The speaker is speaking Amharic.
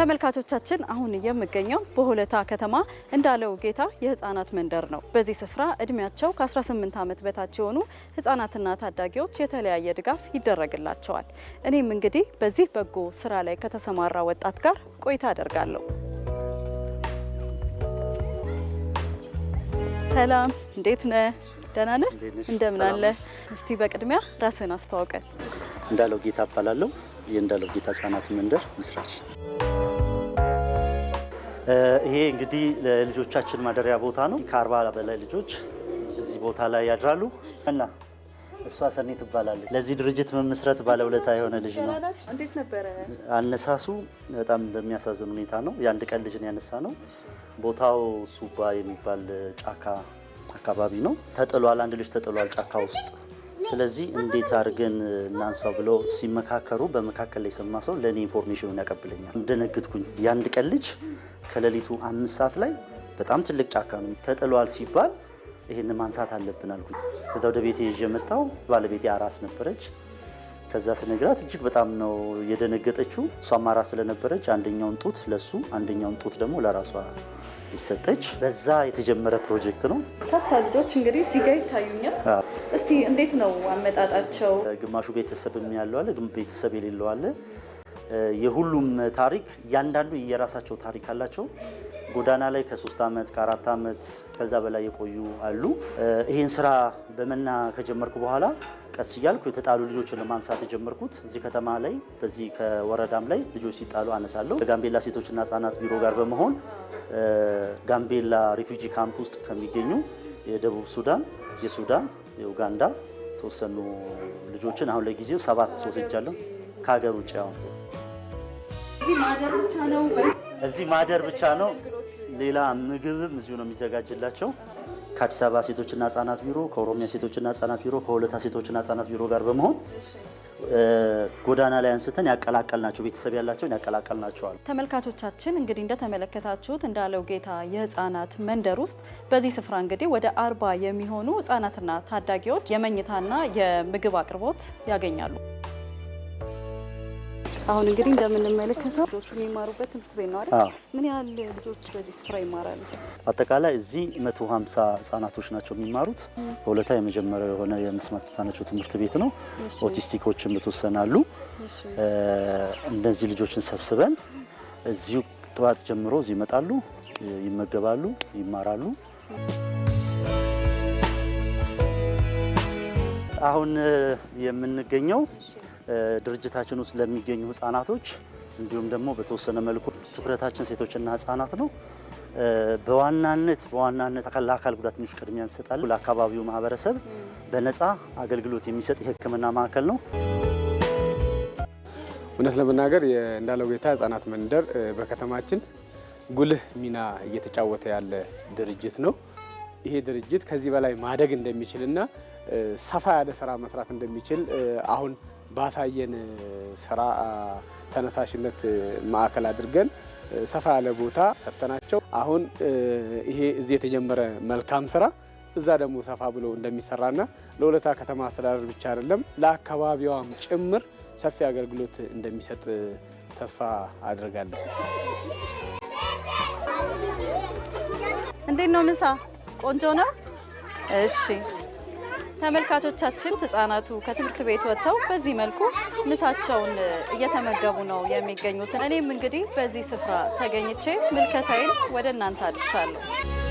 ተመልካቾቻችን አሁን የምገኘው በሆለታ ከተማ እንዳለው ጌታ የህፃናት መንደር ነው። በዚህ ስፍራ እድሜያቸው ከ18 ዓመት በታች የሆኑ ህፃናትና ታዳጊዎች የተለያየ ድጋፍ ይደረግላቸዋል። እኔም እንግዲህ በዚህ በጎ ስራ ላይ ከተሰማራ ወጣት ጋር ቆይታ አደርጋለሁ። ሰላም፣ እንዴት ነ ደህና ነህ? እንደምን አለ? እስቲ በቅድሚያ ራስህን አስተዋውቀን። እንዳለው ጌታ እባላለሁ። የእንዳለው ጌታ ህፃናት መንደር መስራች ይሄ እንግዲህ ለልጆቻችን ማደሪያ ቦታ ነው። ከአርባ በላይ ልጆች እዚህ ቦታ ላይ ያድራሉ እና እሷ ሰኔ ትባላለች። ለዚህ ድርጅት መመስረት ባለውለታ የሆነ ልጅ ነው። እንዴት ነበረ አነሳሱ? በጣም በሚያሳዝን ሁኔታ ነው። የአንድ ቀን ልጅን ያነሳ ነው። ቦታው ሱባ የሚባል ጫካ አካባቢ ነው። ተጥሏል። አንድ ልጅ ተጥሏል ጫካ ውስጥ ስለዚህ እንዴት አድርገን እናንሳው ብለው ሲመካከሩ በመካከል ላይ ሰማ ሰው ለእኔ ኢንፎርሜሽኑን ያቀብለኛል። እንደነግጥኩኝ የአንድ ቀን ልጅ ከሌሊቱ አምስት ሰዓት ላይ በጣም ትልቅ ጫካ ነው ተጥሏል ሲባል ይህን ማንሳት አለብን አልኩኝ። ከዛ ወደ ቤቴ ይዤ መጣሁ። ባለቤቴ አራስ ነበረች። ከዛ ስነግራት እጅግ በጣም ነው የደነገጠችው። እሷ አማራ ስለነበረች አንደኛውን ጡት ለሱ አንደኛውን ጡት ደግሞ ለራሷ ይሰጠች። በዛ የተጀመረ ፕሮጀክት ነው። ታታ ልጆች እንግዲህ ሲጋ ይታዩኛል። እስቲ እንዴት ነው አመጣጣቸው? ግማሹ ቤተሰብ ያለው አለ፣ ቤተሰብ የሌለው አለ። የሁሉም ታሪክ እያንዳንዱ የየራሳቸው ታሪክ አላቸው። ጎዳና ላይ ከሶስት ዓመት ከአራት ዓመት ከዛ በላይ የቆዩ አሉ። ይህን ስራ በመና ከጀመርኩ በኋላ ቀስ እያልኩ የተጣሉ ልጆችን ለማንሳት የጀመርኩት እዚህ ከተማ ላይ በዚህ ከወረዳም ላይ ልጆች ሲጣሉ አነሳለሁ። ከጋምቤላ ሴቶችና ህጻናት ቢሮ ጋር በመሆን ጋምቤላ ሪፊጂ ካምፕ ውስጥ ከሚገኙ የደቡብ ሱዳን፣ የሱዳን፣ የኡጋንዳ የተወሰኑ ልጆችን አሁን ለጊዜው ሰባት ወስጃለሁ። ከሀገር ውጭ አሁን እዚህ ማደር ብቻ ነው። ሌላ ምግብም እዚሁ ነው የሚዘጋጅላቸው። ከአዲስ አበባ ሴቶችና ህጻናት ቢሮ፣ ከኦሮሚያ ሴቶችና ህጻናት ቢሮ፣ ከወለታ ሴቶችና ህጻናት ቢሮ ጋር በመሆን ጎዳና ላይ አንስተን ያቀላቀልናቸው ቤተሰብ ያላቸውን ያቀላቀልናቸዋል። ተመልካቾቻችን እንግዲህ እንደተመለከታችሁት እንዳለው ጌታ የህፃናት መንደር ውስጥ በዚህ ስፍራ እንግዲህ ወደ አርባ የሚሆኑ ህጻናትና ታዳጊዎች የመኝታና የምግብ አቅርቦት ያገኛሉ። አሁን እንግዲህ እንደምንመለከተው ልጆቹ የሚማሩበት ትምህርት ቤት ነው አይደል? ምን ያህል ልጆች በዚህ ስፍራ ይማራሉ? አጠቃላይ እዚህ 150 ህጻናቶች ናቸው የሚማሩት። በሁለታ የመጀመሪያው የሆነ የመስማት ህጻናቸው ትምህርት ቤት ነው። ኦቲስቲኮችም የተወሰኑ አሉ። እነዚህ ልጆችን ሰብስበን እዚሁ ጥዋት ጀምሮ እዚህ ይመጣሉ፣ ይመገባሉ፣ ይማራሉ። አሁን የምንገኘው ድርጅታችን ውስጥ ለሚገኙ ህጻናቶች እንዲሁም ደግሞ በተወሰነ መልኩ ትኩረታችን ሴቶችና ህጻናት ነው። በዋናነት በዋናነት ለአካል ጉዳተኞች ቅድሚያ እንሰጣለን። ለአካባቢው ማህበረሰብ በነፃ አገልግሎት የሚሰጥ የህክምና ማዕከል ነው። እውነት ለመናገር እንዳለ ጌታ ህጻናት መንደር በከተማችን ጉልህ ሚና እየተጫወተ ያለ ድርጅት ነው። ይሄ ድርጅት ከዚህ በላይ ማደግ እንደሚችልና ሰፋ ያለ ስራ መስራት እንደሚችል አሁን ባሳየን ስራ ተነሳሽነት ማዕከል አድርገን ሰፋ ያለ ቦታ ሰጥተናቸው አሁን ይሄ እዚህ የተጀመረ መልካም ስራ እዛ ደግሞ ሰፋ ብሎ እንደሚሰራና ለሁለታ ከተማ አስተዳደር ብቻ አይደለም ለአካባቢዋም ጭምር ሰፊ አገልግሎት እንደሚሰጥ ተስፋ አድርጋለሁ። እንዴት ነው ምሳ? ቆንጆ ነው። እሺ ተመልካቾቻችን ህጻናቱ ከትምህርት ቤት ወጥተው በዚህ መልኩ ምሳቸውን እየተመገቡ ነው የሚገኙትን። እኔም እንግዲህ በዚህ ስፍራ ተገኝቼ ምልከታዬን ወደ እናንተ አድርሻለሁ።